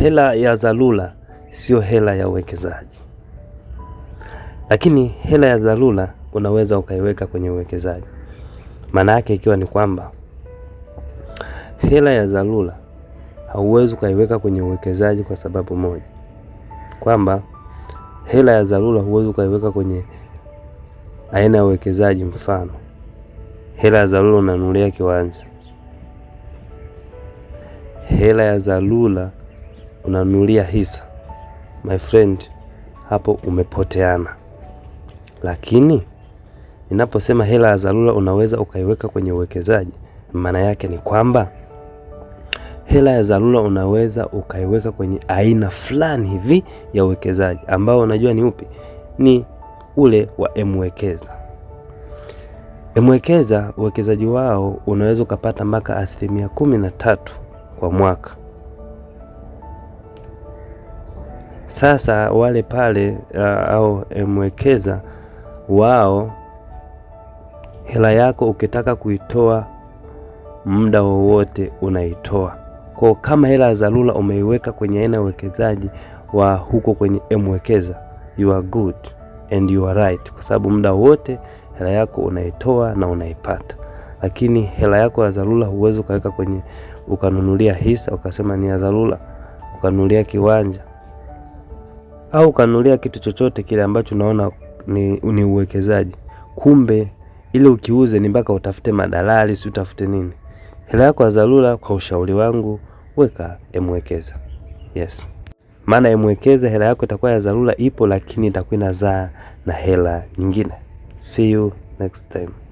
Hela ya dharura sio hela ya uwekezaji, lakini hela ya dharura unaweza ukaiweka kwenye uwekezaji. Maana yake ikiwa ni kwamba hela ya dharura hauwezi ukaiweka kwenye uwekezaji kwa sababu moja, kwamba hela ya dharura huwezi ukaiweka kwenye aina ya uwekezaji. Mfano, hela ya dharura unanunulia kiwanja, hela ya dharura unanunulia hisa, my friend, hapo umepoteana. Lakini ninaposema hela ya dharura unaweza ukaiweka kwenye uwekezaji, maana yake ni kwamba hela ya dharura unaweza ukaiweka kwenye aina fulani hivi ya uwekezaji ambao unajua ni upi? Ni ule wa Mwekeza. Mwekeza uwekezaji wao unaweza ukapata mpaka asilimia kumi na tatu kwa mwaka. Sasa wale pale uh, au mwekeza wao, hela yako ukitaka kuitoa muda wowote unaitoa. Kwa kama hela ya dharura umeiweka kwenye aina ya uwekezaji wa huko kwenye mwekeza, you are good and you are right, kwa sababu muda wote hela yako unaitoa na unaipata. Lakini hela yako ya dharura huwezi ukaweka kwenye ukanunulia hisa ukasema ni ya dharura, ukanunulia kiwanja au ukanulia kitu chochote kile ambacho unaona ni, ni uwekezaji, kumbe ili ukiuze ni mpaka utafute madalali, si utafute nini. Hela yako ya dharura, kwa ushauri wangu, weka emwekeza. Yes, maana emwekeza, hela yako itakuwa ya dharura, ipo lakini itakuwa inazaa na hela nyingine. See you next time.